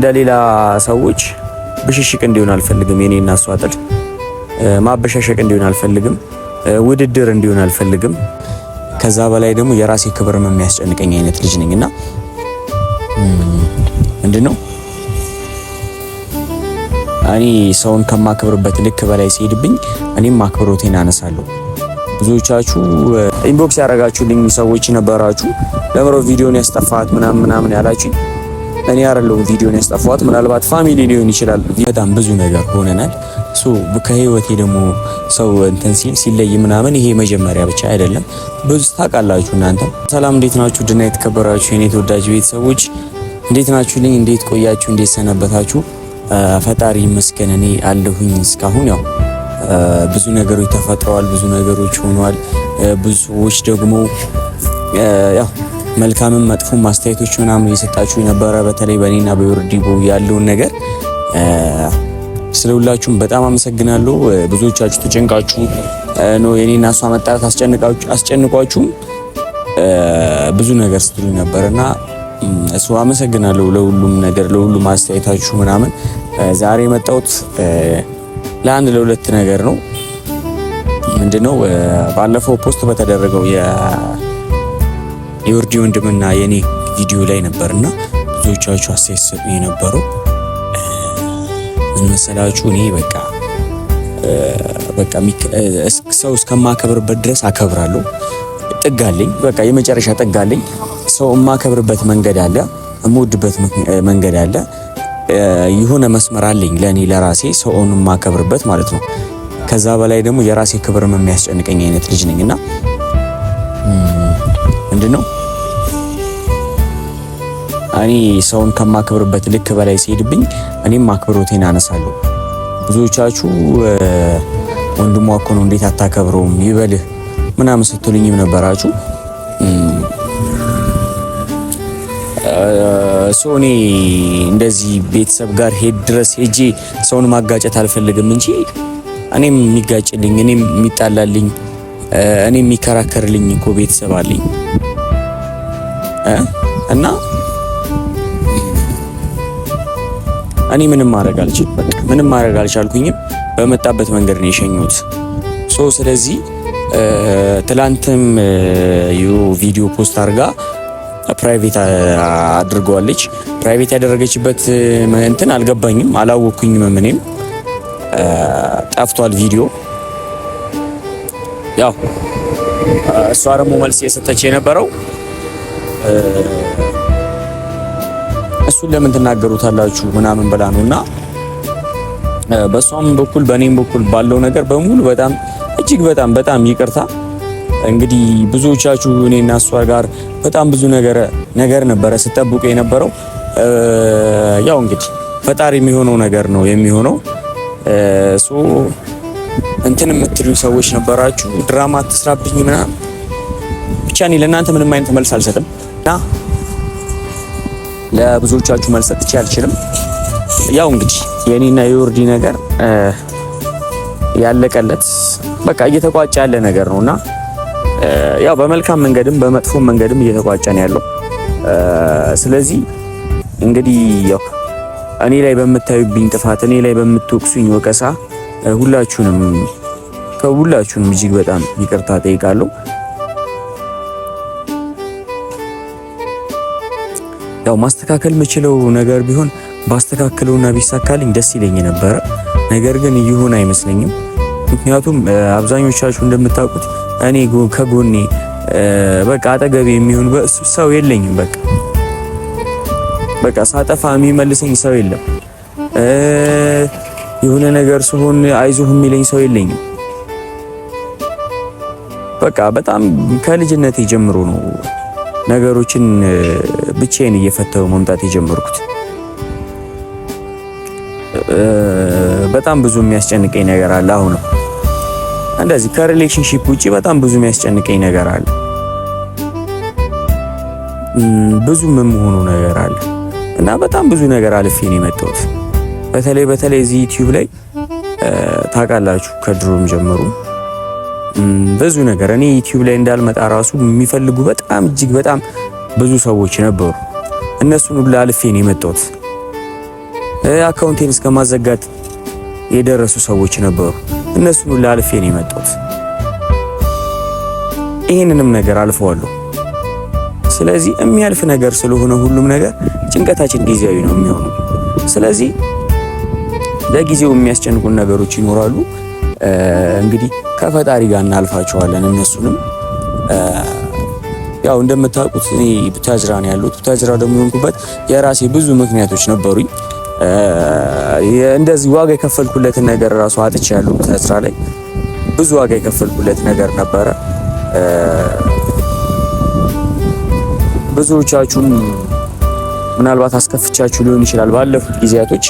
እንደ ሌላ ሰዎች ብሽሽቅ እንዲሆን አልፈልግም። የኔ እና እሷ ጥል ማበሻሸቅ እንዲሆን አልፈልግም። ውድድር እንዲሆን አልፈልግም። ከዛ በላይ ደግሞ የራሴ ክብርም የሚያስጨንቀኝ አይነት ልጅ ነኝ እና ምንድን ነው እኔ ሰውን ከማክብርበት ልክ በላይ ሲሄድብኝ እኔም ማክብሮቴን አነሳለሁ። ብዙዎቻችሁ ኢንቦክስ ያደረጋችሁልኝ ሰዎች ነበራችሁ። ለምሮ ቪዲዮን ያስጠፋት ምናምን ምናምን ያላችሁ እኔ አይደለሁም ቪዲዮን ያስጠፋዋት፣ ምናልባት ፋሚሊ ሊሆን ይችላል። በጣም ብዙ ነገር ሆነናል። ሶ ከህይወቴ ደግሞ ሰው እንትን ሲል ሲለይ ምናምን ይሄ መጀመሪያ ብቻ አይደለም። ብዙ ታውቃላችሁ እናንተ። ሰላም እንዴት ናችሁ? ድና የተከበራችሁ የኔ ተወዳጅ ቤተሰቦች እንዴት ናችሁ ልኝ? እንዴት ቆያችሁ? እንዴት ሰነበታችሁ? ፈጣሪ ይመስገን እኔ አለሁኝ። እስካሁን ያው ብዙ ነገሮች ተፈጥረዋል፣ ብዙ ነገሮች ሆነዋል። ብዙ ሰዎች ደግሞ ያው መልካምም መጥፎ ማስተያየቶች ምናምን እየሰጣችሁ ነበረ። በተለይ በእኔና በዮርዲቡ ያለውን ነገር ስለ ሁላችሁም በጣም አመሰግናለሁ። ብዙዎቻችሁ ተጨንቃችሁ ነው የኔና እሷ መጣላት አስጨንቋችሁም ብዙ ነገር ስትሉ ነበር እና እሱ አመሰግናለሁ ለሁሉም ነገር ለሁሉም አስተያየታችሁ ምናምን። ዛሬ የመጣሁት ለአንድ ለሁለት ነገር ነው። ምንድነው ባለፈው ፖስት በተደረገው የወርዲ ወንድምና የኔ ቪዲዮ ላይ ነበርና ብዙዎቻችሁ አስተያየት ሰጡ የነበረው ምን መሰላችሁ? እኔ በቃ በቃ ሰው እስከማከብርበት ድረስ አከብራለሁ። ጥጋለኝ በቃ የመጨረሻ ጥጋለኝ። ሰው የማከብርበት መንገድ አለ፣ የምወድበት መንገድ አለ። የሆነ መስመር አለኝ ለእኔ ለራሴ ሰውን የማከብርበት ማለት ነው። ከዛ በላይ ደግሞ የራሴ ክብርም የሚያስጨንቀኝ አይነት ልጅ ነኝ እና ምንድን ነው እኔ ሰውን ከማክብርበት ልክ በላይ ሲሄድብኝ እኔም አክብሮቴን አነሳለሁ። ብዙዎቻችሁ ወንድሟ እኮ ነው እንዴት አታከብረውም ይበልህ ምናምን ስትሉኝም ነበራችሁ። እኔ እንደዚህ ቤተሰብ ጋር ሄድ ድረስ ሄጄ ሰውን ማጋጨት አልፈልግም እንጂ እኔም የሚጋጭልኝ እኔም የሚጣላልኝ እኔም የሚከራከርልኝ እኮ ቤተሰብ አለኝ። እና እኔ ምንም ማድረግ አልችልም። በቃ ምንም ማድረግ አልቻልኩኝም። በመጣበት መንገድ ነው የሸኙት። ሶ ስለዚህ ትላንትም ቪዲዮ ፖስት አድርጋ ፕራይቬት አድርገዋለች። ፕራይቬት ያደረገችበት እንትን አልገባኝም፣ አላወኩኝም እኔም ጠፍቷል ቪዲዮ ያው እሷ ደግሞ መልስ እየሰጠች የነበረው እሱን ለምን ትናገሩታላችሁ ምናምን ብላ ነው እና በእሷም በኩል በእኔም በኩል ባለው ነገር በሙሉ በጣም እጅግ በጣም በጣም ይቅርታ። እንግዲህ ብዙዎቻችሁ እኔና እሷ ጋር በጣም ብዙ ነገር ነገር ነበረ ስጠብቁ የነበረው ያው እንግዲህ ፈጣሪ የሚሆነው ነገር ነው የሚሆነው። እሱ እንትን የምትሉ ሰዎች ነበራችሁ ድራማ አትስራብኝ ምናምን። ብቻ እኔ ለእናንተ ምንም አይነት መልስ አልሰጥም። እና ለብዙዎቻችሁ መልስ ሰጥቼ አልችልም። ያው እንግዲህ የኔና የዮርዲ ነገር ያለቀለት በቃ እየተቋጨ ያለ ነገር ነውና ያው በመልካም መንገድም በመጥፎ መንገድም እየተቋጨ ነው ያለው። ስለዚህ እንግዲህ ያው እኔ ላይ በምታዩብኝ ጥፋት፣ እኔ ላይ በምትወቅሱኝ ወቀሳ ሁላችሁንም ከሁላችሁንም እጅግ በጣም ይቅርታ ጠይቃለሁ። ያው ማስተካከል የምችለው ነገር ቢሆን ባስተካክለውና ቢሳካልኝ ደስ ይለኝ ነበረ። ነገር ግን ይሁን አይመስለኝም። ምክንያቱም አብዛኞቻችሁ እንደምታውቁት እኔ ከጎኔ በቃ አጠገቤ የሚሆን ሰው የለኝም። በቃ በቃ ሳጠፋ የሚመልሰኝ ሰው የለም። የሆነ ነገር ሲሆን አይዞህ የሚለኝ ሰው የለኝም። በቃ በጣም ከልጅነቴ ጀምሮ ነው ነገሮችን ብቻዬን እየፈተው መምጣት የጀመርኩት። በጣም ብዙ የሚያስጨንቀኝ ነገር አለ። አሁን እንደዚህ ከሪሌሽንሺፕ ውጪ በጣም ብዙ የሚያስጨንቀኝ ነገር አለ። ብዙ የምሆኑ ነገር አለ እና በጣም ብዙ ነገር አልፌ ነው የመጣሁት። በተለይ በተለይ እዚህ ዩቲዩብ ላይ ታውቃላችሁ ከድሮም ጀምሮ ብዙ ነገር እኔ ዩቲዩብ ላይ እንዳልመጣ ራሱ የሚፈልጉ በጣም እጅግ በጣም ብዙ ሰዎች ነበሩ። እነሱን ሁሉ አልፌ ነው የመጣሁት። አካውንቴን እስከማዘጋት የደረሱ ሰዎች ነበሩ። እነሱን ሁሉ አልፌ ነው የመጣሁት። ይህንንም ነገር አልፈዋለሁ። ስለዚህ የሚያልፍ ነገር ስለሆነ ሁሉም ነገር ጭንቀታችን ጊዜያዊ ነው የሚሆነው። ስለዚህ ለጊዜው የሚያስጨንቁን ነገሮች ይኖራሉ። እንግዲህ ከፈጣሪ ጋር እናልፋቸዋለን። እነሱንም ያው እንደምታውቁት እኔ ቡታጅራ ነው ያሉት። ቡታጅራ ደግሞ የሆንኩበት የራሴ ብዙ ምክንያቶች ነበሩኝ። እንደዚህ ዋጋ የከፈልኩለትን ነገር ራሱ አጥቼ ያሉ ቡታጅራ ላይ ብዙ ዋጋ የከፈልኩለት ነገር ነበረ። ብዙዎቻችሁም ምናልባት አስከፍቻችሁ ሊሆን ይችላል ባለፉት ጊዜያቶች።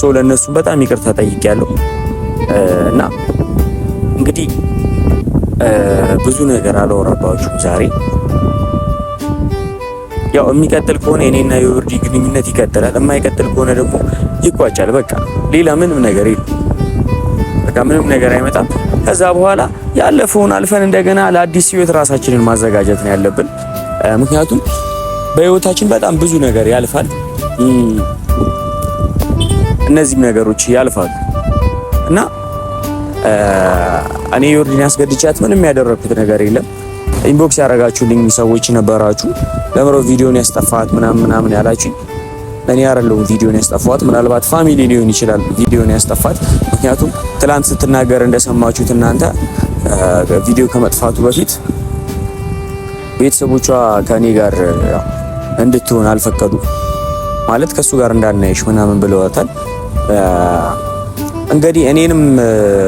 ሰው ለእነሱም በጣም ይቅርታ ጠይቄያለሁ። እና እንግዲህ ብዙ ነገር አላወራባችሁም ዛሬ። ያው የሚቀጥል ከሆነ የኔና የዮርዲ ግንኙነት ይቀጥላል፣ የማይቀጥል ከሆነ ደግሞ ይቋጫል። በቃ ሌላ ምንም ነገር የለም። በቃ ምንም ነገር አይመጣም። ከዛ በኋላ ያለፈውን አልፈን እንደገና ለአዲስ ህይወት ራሳችንን ማዘጋጀት ነው ያለብን። ምክንያቱም በህይወታችን በጣም ብዙ ነገር ያልፋል፣ እነዚህም ነገሮች ያልፋሉ። እና እኔ ዮርዲን ያስገድቻት ምንም ያደረግኩት ነገር የለም። ኢንቦክስ ያደረጋችሁልኝ ሰዎች ነበራችሁ። ለምሮ ቪዲዮን ያስጠፋት ምናምን ምናምን ያላችሁ እኔ አይደለሁም ቪዲዮን ያስጠፋት፣ ምናልባት ፋሚሊ ሊሆን ይችላል ቪዲዮን ያስጠፋት። ምክንያቱም ትላንት ስትናገር እንደሰማችሁት እናንተ ቪዲዮ ከመጥፋቱ በፊት ቤተሰቦቿ ከእኔ ጋር እንድትሆን አልፈቀዱ ማለት ከሱ ጋር እንዳናየሽ ምናምን ብለዋታል። እንግዲህ እኔንም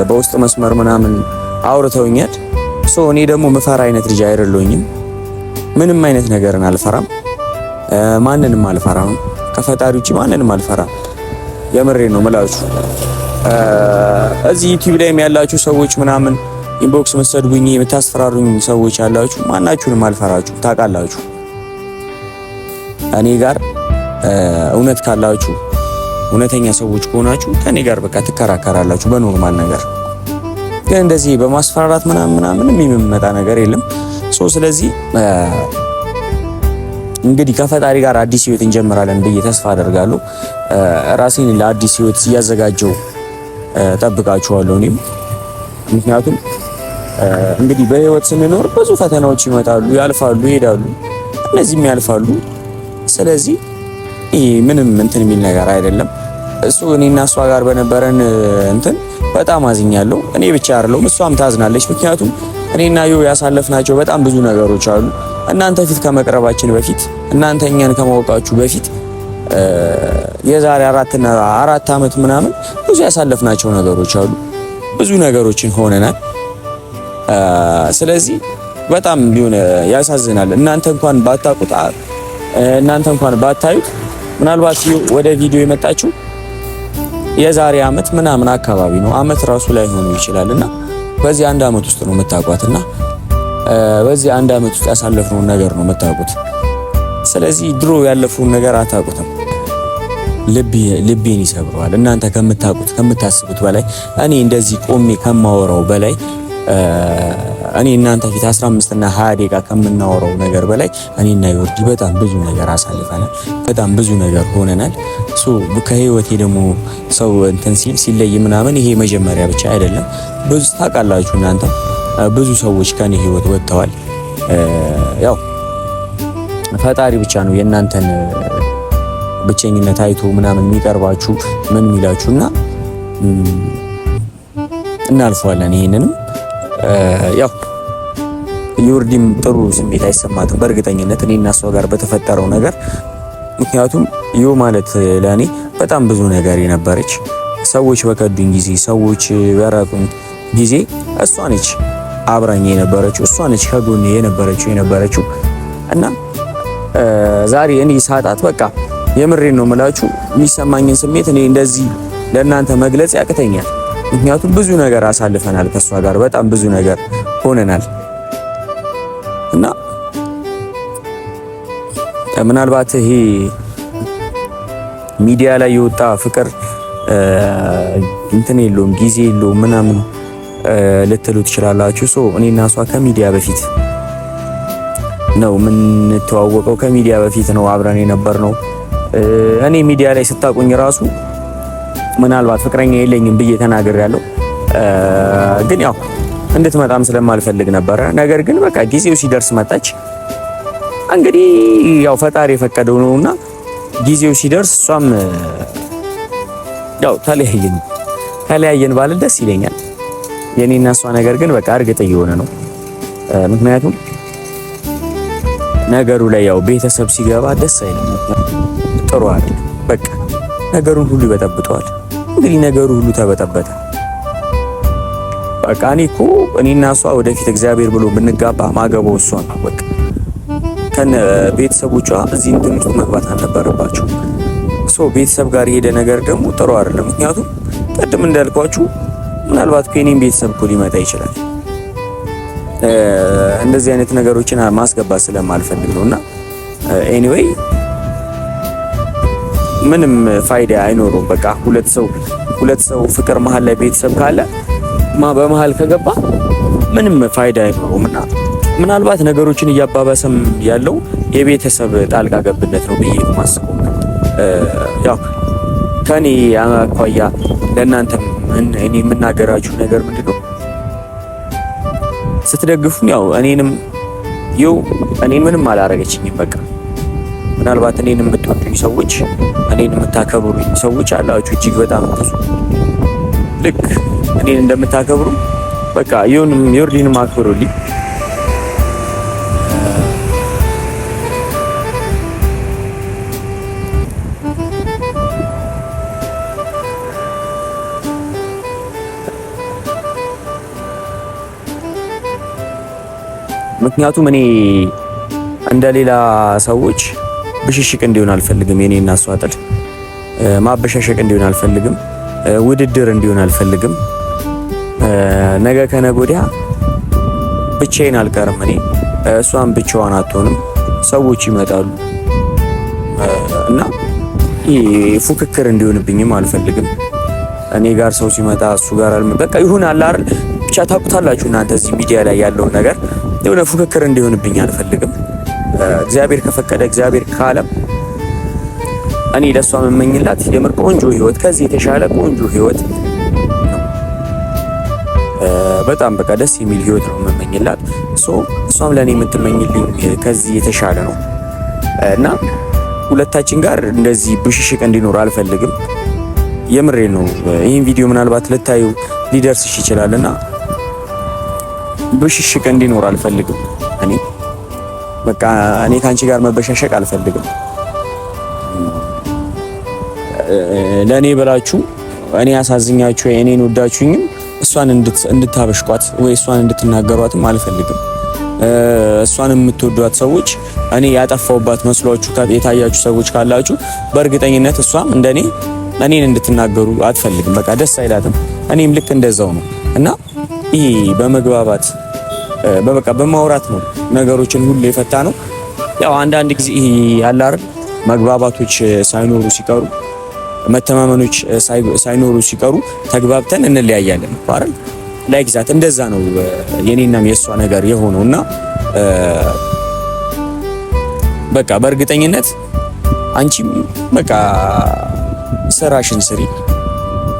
በውስጥ መስመር ምናምን አውርተውኛል። ሶ እኔ ደግሞ ምፈራ አይነት ልጅ አይደለሁኝም። ምንም አይነት ነገርን አልፈራም፣ ማንንም አልፈራም፣ ከፈጣሪ ውጭ ማንንም አልፈራም። የምሬ ነው ምላችሁ። እዚህ ዩቲዩብ ላይም ያላችሁ ሰዎች ምናምን ኢንቦክስ መሰድቡኝ የምታስፈራሩኝ ሰዎች ያላችሁ ማናችሁንም አልፈራችሁ ታውቃላችሁ። እኔ ጋር እውነት ካላችሁ እውነተኛ ሰዎች ከሆናችሁ ከኔ ጋር በቃ ትከራከራላችሁ በኖርማል ነገር። ግን እንደዚህ በማስፈራራት ምናምን ምናምን የሚመጣ ነገር የለም። ሶ ስለዚህ እንግዲህ ከፈጣሪ ጋር አዲስ ህይወት እንጀምራለን ብዬ ተስፋ አደርጋለሁ። ራሴን ለአዲስ ህይወት እያዘጋጀው ጠብቃችኋለሁ። እኔም ምክንያቱም እንግዲህ በህይወት ስንኖር ብዙ ፈተናዎች ይመጣሉ፣ ያልፋሉ፣ ይሄዳሉ፣ እነዚህም ያልፋሉ። ስለዚህ ምንም እንትን የሚል ነገር አይደለም። እሱ እኔና እሷ ጋር በነበረን እንትን በጣም አዝኛለሁ። እኔ ብቻ አይደለሁም እሷም ታዝናለች። ምክንያቱም እኔና ዩ ያሳለፍናቸው በጣም ብዙ ነገሮች አሉ። እናንተ ፊት ከመቅረባችን በፊት እናንተ እኛን ከማወቃችሁ በፊት የዛሬ እና አራት ዓመት ምናምን ብዙ ያሳለፍናቸው ነገሮች አሉ። ብዙ ነገሮችን ሆነናል። ስለዚህ በጣም ቢሆን ያሳዝናል። እናንተ እንኳን ባታቁት እናንተ እንኳን ባታዩት ምናልባት ወደ ቪዲዮ የመጣችሁ የዛሬ አመት ምናምን አካባቢ ነው አመት ራሱ ላይ ሆኖ ይችላል እና በዚህ አንድ አመት ውስጥ ነው የምታውቋት እና በዚህ አንድ አመት ውስጥ ያሳለፍነውን ነገር ነው የምታውቁት። ስለዚህ ድሮ ያለፈውን ነገር አታውቁትም። ልቤን ይሰብረዋል። እናንተ ከምታውቁት ከምታስቡት በላይ እኔ እንደዚህ ቆሜ ከማወራው በላይ እኔ እናንተ ፊት 15 እና 20 ደቂቃ ከምናወራው ነገር በላይ እኔና ዮርዲ በጣም ብዙ ነገር አሳልፈናል። በጣም ብዙ ነገር ሆነናል። እሱ ከህይወቴ ደግሞ ሰው እንትን ሲል ሲለይ ምናምን ይሄ መጀመሪያ ብቻ አይደለም። ብዙ ታውቃላችሁ እናንተ ብዙ ሰዎች ከኔ ህይወት ወጥተዋል። ያው ፈጣሪ ብቻ ነው የእናንተን ብቸኝነት አይቶ ምናምን የሚቀርባችሁ ምን የሚላችሁ እና እናልፈዋለን ይሄንንም ያው የወርዲም ጥሩ ስሜት አይሰማትም በእርግጠኝነት እኔ እና እሷ ጋር በተፈጠረው ነገር። ምክንያቱም ዩ ማለት ለእኔ በጣም ብዙ ነገር የነበረች ሰዎች በከዱኝ ጊዜ፣ ሰዎች በራቁኝ ጊዜ እሷ ነች አብራኝ የነበረችው እሷ ነች ከጎን የነበረችው የነበረችው እና ዛሬ እኔ ሳጣት በቃ የምሬን ነው የምላችሁ የሚሰማኝን ስሜት እኔ እንደዚህ ለእናንተ መግለጽ ያቅተኛል። ምክንያቱም ብዙ ነገር አሳልፈናል ከእሷ ጋር በጣም ብዙ ነገር ሆነናል እና ምናልባት ይሄ ሚዲያ ላይ የወጣ ፍቅር እንትን የለውም ጊዜ የለውም ምናምን ልትሉ ትችላላችሁ። ሶ እኔና እሷ ከሚዲያ በፊት ነው የምንተዋወቀው፣ ከሚዲያ በፊት ነው አብረን የነበር ነው። እኔ ሚዲያ ላይ ስታቁኝ ራሱ ምናልባት ፍቅረኛ የለኝም ብዬ ተናገር ያለው ግን ያው እንድትመጣም ስለማልፈልግ ነበረ። ነገር ግን በቃ ጊዜው ሲደርስ መጣች። እንግዲህ ያው ፈጣሪ የፈቀደው ነውና ጊዜው ሲደርስ እሷም ያው ተለያየን ተለያየን ባለ ደስ ይለኛል። የኔና እሷ ነገር ግን በቃ እርግጥ እየሆነ ነው። ምክንያቱም ነገሩ ላይ ያው ቤተሰብ ሲገባ ደስ አይልም። ጥሩ አይደል? በቃ ነገሩን ሁሉ ይበጠብጠዋል። እንግዲህ ነገሩ ሁሉ ተበጠበጠ በቃ እኔ እኮ እኔና እሷ ወደፊት እግዚአብሔር ብሎ ብንጋባ ማገባው እሷ ነው በቃ ከነ ቤተሰቦቿ እዚህ እንትን ውስጥ መግባት አልነበረባቸው። ሶ ቤተሰብ ጋር የሄደ ነገር ደግሞ ጥሩ አይደለም። ምክንያቱም ቅድም እንዳልኳችሁ ምናልባት ከኔም ቤተሰብ እኮ ሊመጣ ይችላል። እንደዚህ አይነት ነገሮችን ማስገባት ስለማልፈልግ ነው እና ኤኒዌይ ምንም ፋይዳ አይኖረውም። በቃ ሁለት ሰው ሁለት ሰው ፍቅር መሀል ላይ ቤተሰብ ካለ ማ በመሀል ከገባ ምንም ፋይዳ አይኖረውም እና ምናልባት ነገሮችን እያባባሰም ያለው የቤተሰብ ጣልቃ ገብነት ነው ብዬ ማስበው። ያው ከኔ አኳያ ለእናንተም እኔ የምናገራችሁ ነገር ምንድነው ነው፣ ስትደግፉን ያው እኔንም ይው እኔ ምንም አላረገችኝም በቃ ምናልባት እኔን የምትወዱኝ ሰዎች፣ እኔን የምታከብሩኝ ሰዎች አላችሁ እጅግ በጣም ብዙ። ልክ እኔን እንደምታከብሩ በቃ ይሁንም ዮርዲንም አክብሩልኝ። ምክንያቱም እኔ እንደሌላ ሰዎች ብሽሽቅ እንዲሆን አልፈልግም። የኔ እና እሷ ጥል ማበሻሸቅ እንዲሆን አልፈልግም። ውድድር እንዲሆን አልፈልግም። ነገ ከነገ ወዲያ ብቻዬን አልቀርም እኔ እሷን ብቻዋን አትሆንም። ሰዎች ይመጣሉ እና ፉክክር እንዲሆንብኝም አልፈልግም። እኔ ጋር ሰው ሲመጣ እሱ ጋር አልም በቃ ይሁን አለ አይደል ብቻ ታውቁታላችሁ እናንተ እዚህ ሚዲያ ላይ ያለውን ነገር የሆነ ፉክክር እንዲሆንብኝ አልፈልግም። እግዚአብሔር ከፈቀደ እግዚአብሔር ካለም እኔ ለእሷ የምመኝላት የምር ቆንጆ ህይወት ከዚህ የተሻለ ቆንጆ ህይወት በጣም በቃ ደስ የሚል ህይወት ነው የምመኝላት። እሷም ለእኔ የምትመኝልኝ ከዚህ የተሻለ ነው እና ሁለታችን ጋር እንደዚህ ብሽሽቅ እንዲኖር አልፈልግም። የምሬ ነው። ይህን ቪዲዮ ምናልባት ልታዩ ሊደርስሽ ይችላል እና ብሽሽቅ እንዲኖር አልፈልግም። በቃ እኔ ከአንቺ ጋር መበሻሸቅ አልፈልግም። ለእኔ ብላችሁ እኔ ያሳዝኛችሁ እኔን ወዳችሁኝም እሷን እንድታበሽቋት ወይ እሷን እንድትናገሯትም አልፈልግም። እሷን የምትወዷት ሰዎች እኔ ያጠፋውባት መስሏችሁ የታያችሁ ሰዎች ካላችሁ በእርግጠኝነት እሷም እንደኔ እኔን እንድትናገሩ አትፈልግም። በቃ ደስ አይላትም። እኔም ልክ እንደዛው ነው እና ይህ በመግባባት በበቃ በማውራት ነው ነገሮችን ሁሉ የፈታ ነው። ያው አንዳንድ ጊዜ ያለ አይደል መግባባቶች ሳይኖሩ ሲቀሩ መተማመኖች ሳይኖሩ ሲቀሩ ተግባብተን እንለያያለን አይደል ላይ ግዛት እንደዛ ነው የኔናም የእሷ ነገር የሆነው እና በቃ በእርግጠኝነት አንቺም በቃ ስራሽን ስሪ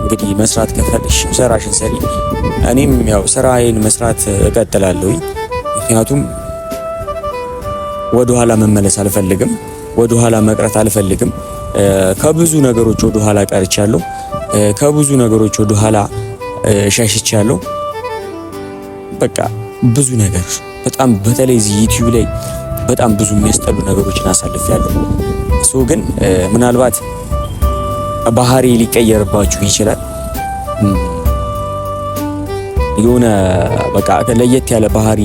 እንግዲህ መስራት ከፈለሽ ስራሽን ሰሪ። እኔም ያው ስራዬን መስራት እቀጥላለሁ። ምክንያቱም ወደ ኋላ መመለስ አልፈልግም፣ ወደ ኋላ መቅረት አልፈልግም። ከብዙ ነገሮች ወደ ኋላ ቀርቻለሁ፣ ከብዙ ነገሮች ወደ ኋላ ሸሽቻለሁ። በቃ ብዙ ነገር በጣም በተለይ እዚህ ዩቲዩብ ላይ በጣም ብዙ የሚያስጠሉ ነገሮችን አሳልፌያለሁ። እሱ ግን ምናልባት ባህሪ ሊቀየርባችሁ ይችላል። የሆነ በቃ ለየት ያለ ባህሪ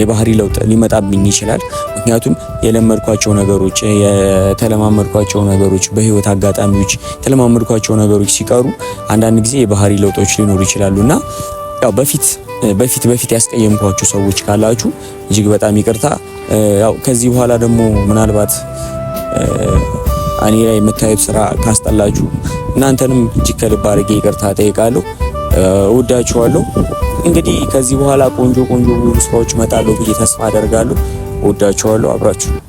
የባህሪ ለውጥ ሊመጣብኝ ይችላል። ምክንያቱም የለመድኳቸው ነገሮች የተለማመድኳቸው ነገሮች በህይወት አጋጣሚዎች የተለማመድኳቸው ነገሮች ሲቀሩ አንዳንድ ጊዜ የባህሪ ለውጦች ሊኖሩ ይችላሉ እና ያው በፊት በፊት በፊት ያስቀየምኳችሁ ሰዎች ካላችሁ እጅግ በጣም ይቅርታ። ያው ከዚህ በኋላ ደግሞ ምናልባት እኔ ላይ የምታዩት ስራ ካስጠላችሁ እናንተንም እጅግ ከልብ አድርጌ ይቅርታ ጠይቃለሁ። እወዳችኋለሁ። እንግዲህ ከዚህ በኋላ ቆንጆ ቆንጆ ስራዎች እመጣለሁ ብዬ ተስፋ አደርጋለሁ። እወዳችኋለሁ። አብራችሁ